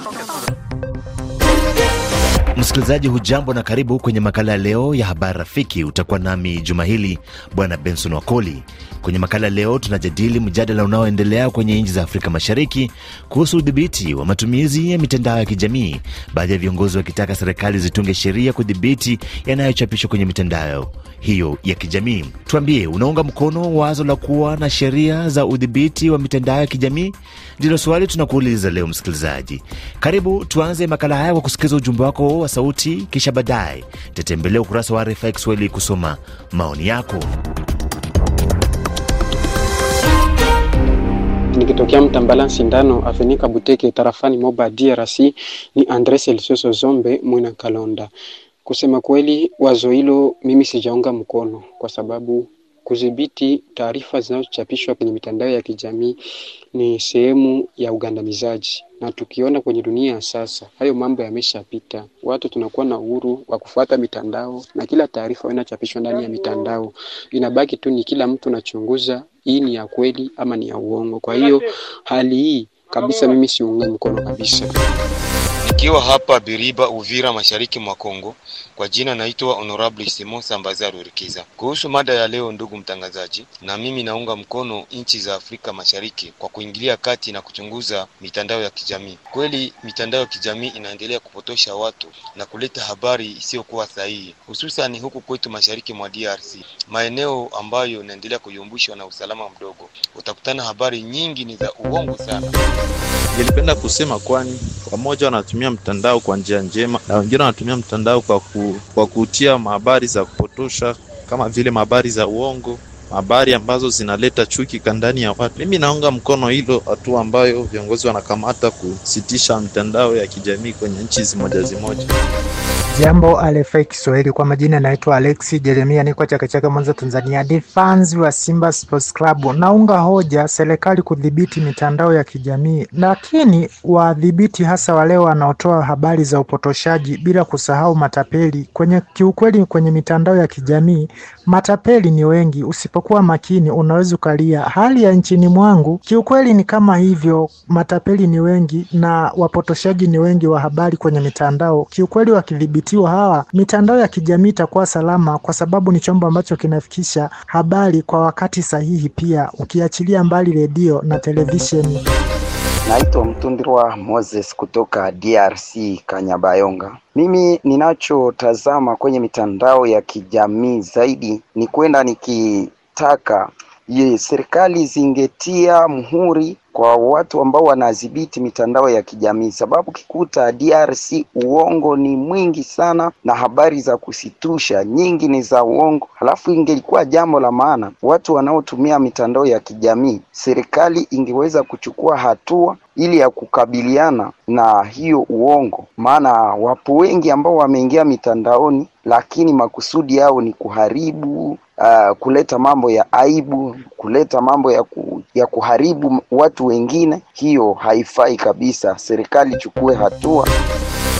섞였어. Msikilizaji hujambo na karibu kwenye makala ya leo ya habari rafiki. Utakuwa nami juma hili bwana Benson Wakoli. Kwenye makala leo, tunajadili mjadala unaoendelea kwenye nchi za Afrika Mashariki kuhusu udhibiti wa matumizi ya mitandao ya kijamii, baadhi ya viongozi wakitaka serikali zitunge sheria kudhibiti yanayochapishwa kwenye mitandao hiyo ya kijamii. Tuambie, unaunga mkono wazo la kuwa na sheria za udhibiti wa mitandao ya kijamii? Ndilo swali tunakuuliza leo msikilizaji. Karibu tuanze makala haya kwa kusikiliza ujumbe wako wa sauti, kisha baadaye tatembelea ukurasa wa RFI Kiswahili kusoma maoni yako. Nikitokea Mtambala Sindano Afenika Buteke tarafani Moba DRC ni Andres Elsoso Zombe Mwina Kalonda. Kusema kweli, wazo hilo mimi sijaunga mkono kwa sababu kudhibiti taarifa zinazochapishwa kwenye mitandao ya kijamii ni sehemu ya ugandamizaji, na tukiona kwenye dunia ya sasa, hayo mambo yameshapita. Watu tunakuwa na uhuru wa kufuata mitandao, na kila taarifa inachapishwa ndani ya mitandao inabaki tu ni kila mtu anachunguza, hii ni ya kweli ama ni ya uongo. Kwa hiyo hali hii kabisa, mimi siunge mkono kabisa. Nikiwa hapa Biriba, Uvira, mashariki mwa Kongo. Kwa jina naitwa Honorable Simon Sambaza Rurikiza. Kuhusu mada ya leo, ndugu mtangazaji, na mimi naunga mkono nchi za Afrika Mashariki kwa kuingilia kati na kuchunguza mitandao ya kijamii. Kweli mitandao ya kijamii inaendelea kupotosha watu na kuleta habari isiyokuwa sahihi, hususani huku kwetu mashariki mwa DRC, maeneo ambayo inaendelea kuyumbushwa na usalama mdogo. Utakutana habari nyingi ni za uongo sana. Nilipenda kusema kwani pamoja wanatumia wanatumia mtandao kwa njia njema, na wengine wanatumia mtandao kwa, ku, kwa kutia mahabari za kupotosha kama vile mahabari za uongo habari ambazo zinaleta chuki ndani ya watu. Mimi naunga mkono hilo hatua ambayo viongozi wanakamata kusitisha mtandao ya kijamii kwenye nchi zimoja zimoja. Jambo RFI Kiswahili, kwa majina naitwa Alexi Jeremia, niko Chake Chake, Mwanza, Tanzania. Defans wa Simba Sports Club, naunga hoja serikali kudhibiti mitandao ya kijamii, lakini wadhibiti hasa wale wanaotoa habari za upotoshaji, bila kusahau matapeli kwenye kiukweli, kwenye mitandao ya kijamii Matapeli ni wengi, usipokuwa makini unaweza ukalia. Hali ya nchini mwangu kiukweli ni kama hivyo, matapeli ni wengi na wapotoshaji ni wengi wa habari kwenye mitandao. Kiukweli wakidhibitiwa hawa, mitandao ya kijamii itakuwa salama, kwa sababu ni chombo ambacho kinafikisha habari kwa wakati sahihi, pia ukiachilia mbali redio na televisheni. Naitwa mtundirwa Moses kutoka DRC Kanyabayonga. Mimi ninachotazama kwenye mitandao ya kijamii zaidi ni kwenda nikitaka ye, serikali zingetia muhuri kwa watu ambao wanadhibiti mitandao ya kijamii, sababu kikuta DRC uongo ni mwingi sana na habari za kusitusha nyingi ni za uongo. Halafu ingelikuwa jambo la maana, watu wanaotumia mitandao ya kijamii, serikali ingeweza kuchukua hatua ili ya kukabiliana na hiyo uongo, maana wapo wengi ambao wameingia mitandaoni, lakini makusudi yao ni kuharibu, uh, kuleta mambo ya aibu, kuleta mambo ya ku ya kuharibu watu wengine, hiyo haifai kabisa. Serikali chukue hatua.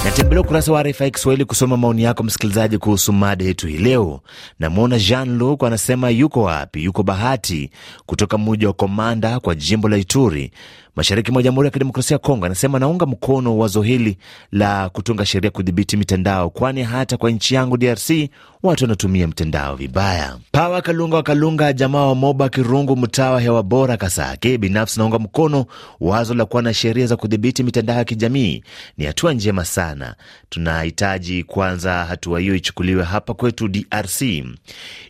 Natembelea ukurasa wa RFI Kiswahili kusoma maoni yako msikilizaji, kuhusu mada yetu hii leo. Namwona Jean Luk anasema yuko wapi? Yuko Bahati kutoka mji wa Komanda kwa jimbo la Ituri mashariki mwa Jamhuri ya Kidemokrasia ya Kongo, anasema naunga mkono wazo hili la kutunga sheria kudhibiti mitandao, kwani hata kwa nchi yangu DRC watu wanatumia mtandao vibaya. Pawa Kalunga wa Kalunga, jamaa wa Moba Kirungu, mtaa wa hewa bora Kasake, binafsi naunga mkono wazo la kuwa na sheria za kudhibiti mitandao ya kijamii. Ni hatua njema sana, tunahitaji kwanza hatua hiyo ichukuliwe hapa kwetu DRC.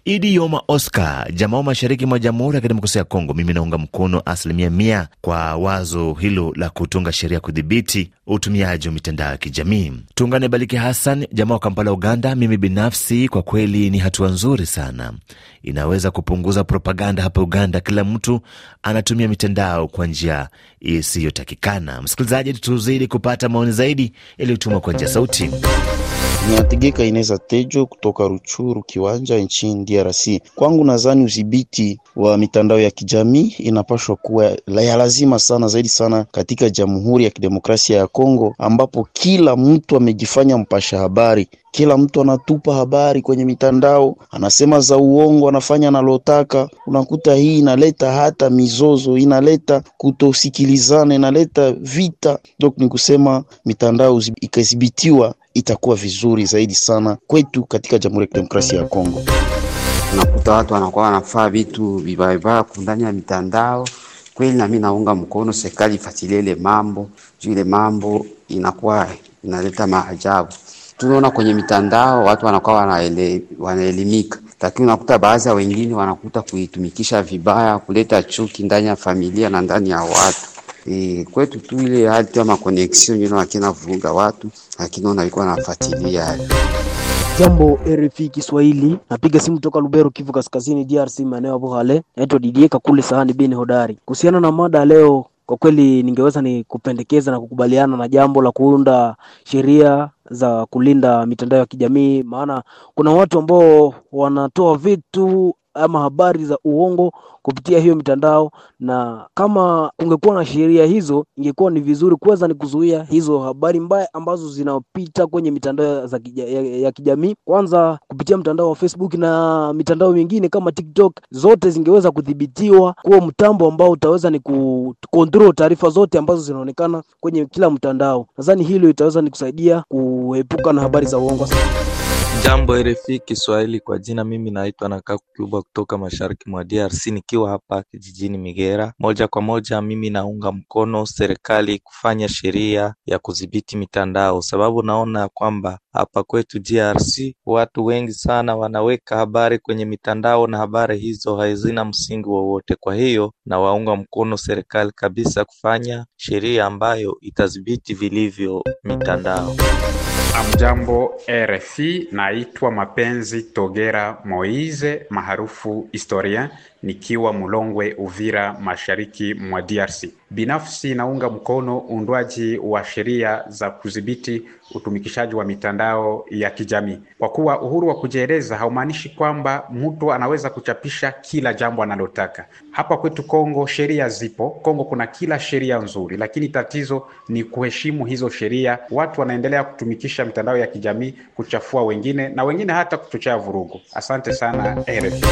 Idi Yoma Oscar, jamaa wa mashariki mwa Jamhuri ya Kidemokrasia ya Kongo, mimi naunga mkono asilimia mia kwa wazo wazo hilo la kutunga sheria kudhibiti utumiaji wa mitandao ya kijamii. Tuungane Baliki Hassan, jamaa wa Kampala, Uganda. Mimi binafsi kwa kweli ni hatua nzuri sana, inaweza kupunguza propaganda hapa Uganda. Kila mtu anatumia mitandao kwa njia isiyotakikana. Msikilizaji, tuzidi kupata maoni zaidi yaliyotumwa kwa njia sauti. Atigeka Ineza Tejo kutoka Ruchuru Kiwanja nchini DRC. Kwangu nadhani udhibiti wa mitandao ya kijamii inapaswa kuwa ya lazima sana zaidi sana katika Jamhuri ya Kidemokrasia ya Kongo, ambapo kila mtu amejifanya mpasha habari, kila mtu anatupa habari kwenye mitandao, anasema za uongo, anafanya analotaka. Unakuta hii inaleta hata mizozo, inaleta kutosikilizana, inaleta vita. Donc ni kusema mitandao ikadhibitiwa itakuwa vizuri zaidi sana kwetu katika Jamhuri ya Kidemokrasia ya Kongo. nakuta watu wanakuwa wanafaa vitu vibaibaya ndani ya mitandao. Kweli nami naunga mkono serikali ifatilie ile mambo juu, ile mambo inakuwa inaleta maajabu. Tunaona kwenye mitandao watu wanakuwa wanaele, wanaelimika, lakini unakuta baadhi ya wengine wanakuta kuitumikisha vibaya, kuleta chuki ndani ya familia na ndani ya watu. E, kwetu tu ile hali tu ya makoneksio ino akina vuruga watu, lakini ona alikuwa anafuatilia Jambo RFI Kiswahili, napiga simu toka Lubero, Kivu Kaskazini, DRC, maeneo ya Buhale. Naitwa Didie Kakule Sahani bin Hodari. Kuhusiana na mada leo, kwa kweli ningeweza ni kupendekeza na kukubaliana na jambo la kuunda sheria za kulinda mitandao ya kijamii, maana kuna watu ambao wanatoa vitu ama habari za uongo kupitia hiyo mitandao, na kama kungekuwa na sheria hizo, ingekuwa ni vizuri. kuweza ni kuzuia hizo habari mbaya ambazo zinapita kwenye mitandao ya, ya, ya kijamii, kwanza kupitia mtandao wa Facebook na mitandao mingine kama TikTok, zote zingeweza kudhibitiwa kuwa mtambo ambao utaweza ni kucontrol taarifa zote ambazo zinaonekana kwenye kila mtandao. Nadhani hilo itaweza ni kusaidia kuepuka na habari za uongo. Jambo RFI Kiswahili, kwa jina mimi naitwa Nakaku Kuba kutoka mashariki mwa DRC, nikiwa hapa kijijini Migera. Moja kwa moja, mimi naunga mkono serikali kufanya sheria ya kudhibiti mitandao, sababu naona kwamba hapa kwetu DRC watu wengi sana wanaweka habari kwenye mitandao na habari hizo hazina msingi wowote. Kwa hiyo nawaunga mkono serikali kabisa kufanya sheria ambayo itadhibiti vilivyo mitandao. Amjambo RFI, naitwa Mapenzi Togera moise maarufu historia, nikiwa Mulongwe Uvira, mashariki mwa DRC. Binafsi naunga mkono uundwaji wa sheria za kudhibiti utumikishaji wa mitandao ya kijamii, kwa kuwa uhuru wa kujieleza haumaanishi kwamba mtu anaweza kuchapisha kila jambo analotaka. Hapa kwetu Kongo sheria zipo, Kongo kuna kila sheria nzuri, lakini tatizo ni kuheshimu hizo sheria. Watu wanaendelea kutumikisha mitandao ya kijamii kuchafua wengine na wengine hata kuchochea vurugu. Asante sana RFI.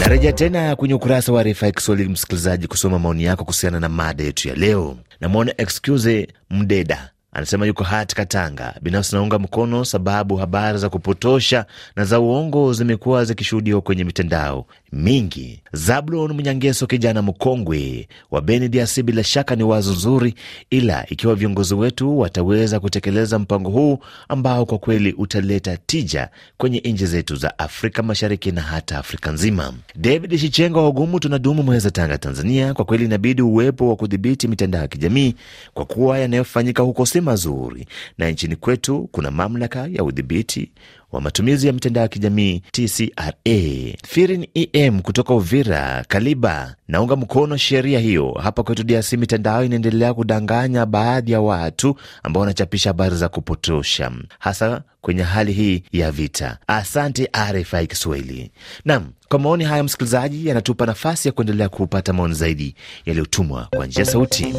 Narejea tena kwenye ukurasa wa RFI Kiswahili, msikilizaji, kusoma maoni yako kuhusiana na mada yetu ya leo. Namwona Excuse Mdeda anasema yuko hati Katanga. Binafsi naunga mkono, sababu habari za kupotosha na za uongo zimekuwa zikishuhudiwa kwenye mitandao mingi. Zablon Mnyangeso, kijana mkongwe wa Beni DRC, bila shaka ni wazo nzuri, ila ikiwa viongozi wetu wataweza kutekeleza mpango huu ambao kwa kweli utaleta tija kwenye nchi zetu za Afrika Mashariki na hata Afrika nzima. David Shichenga wa tunadumu Mweza, Tanga, Tanzania, kwa kweli inabidi uwepo wa kudhibiti mitandao ya kijamii kwa kuwa yanayofanyika huko si mazuri, na nchini kwetu kuna mamlaka ya udhibiti wa matumizi ya mitandao ya kijamii TCRA. Firin EM kutoka Uvira Kaliba, naunga mkono sheria hiyo. Hapa kwetu DRC mitandao inaendelea kudanganya baadhi ya watu ambao wanachapisha habari za kupotosha, hasa kwenye hali hii ya vita. Asante RFI Kiswahili. Naam, kwa maoni haya msikilizaji, yanatupa nafasi ya kuendelea kupata maoni zaidi yaliyotumwa kwa njia sauti.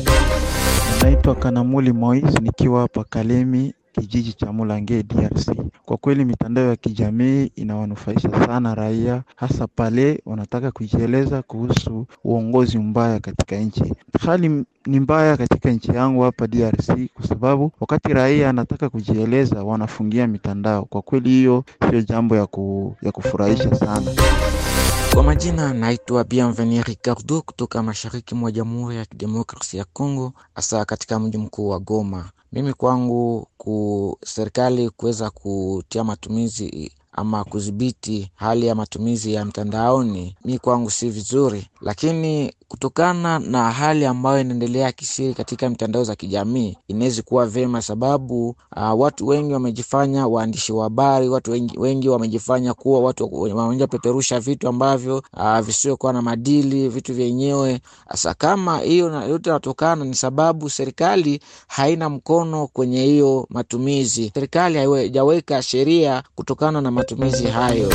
Naitwa Kanamuli Mois nikiwa hapa Kalemi kijiji cha Mulange DRC. Kwa kweli mitandao ya kijamii inawanufaisha sana raia, hasa pale wanataka kujieleza kuhusu uongozi mbaya katika nchi. Hali ni mbaya katika nchi yangu hapa DRC, kwa sababu wakati raia anataka kujieleza wanafungia mitandao. Kwa kweli hiyo sio jambo ya, ku, ya kufurahisha sana. Kwa majina naitwa Bienvenu Ricardo kutoka mashariki mwa Jamhuri ya Kidemokrasia ya Kongo, hasa katika mji mkuu wa Goma. Mimi kwangu ku serikali kuweza kutia matumizi ama kudhibiti hali ya matumizi ya mtandaoni, mi kwangu si vizuri, lakini kutokana na hali ambayo inaendelea kisiri katika mitandao za kijamii inawezi kuwa vyema, sababu uh, watu wengi wamejifanya waandishi wa habari, watu wengi, wengi wamejifanya kuwa watu wanaja peperusha vitu ambavyo uh, visiokuwa na madili, vitu vyenyewe hasa. Kama hiyo yote inatokana ni sababu serikali haina mkono kwenye hiyo matumizi, serikali haijaweka sheria kutokana na matumizi hayo.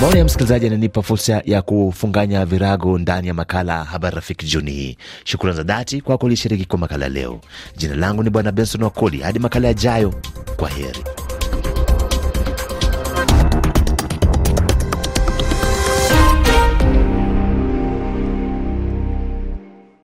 Maoni ya msikilizaji ananipa fursa ya kufunganya virago ndani ya makala Habari Rafiki jioni hii. Shukrani za dhati kwako ulishiriki kwa makala leo. Jina langu ni Bwana Benson Wakoli. Hadi makala yajayo, kwa heri.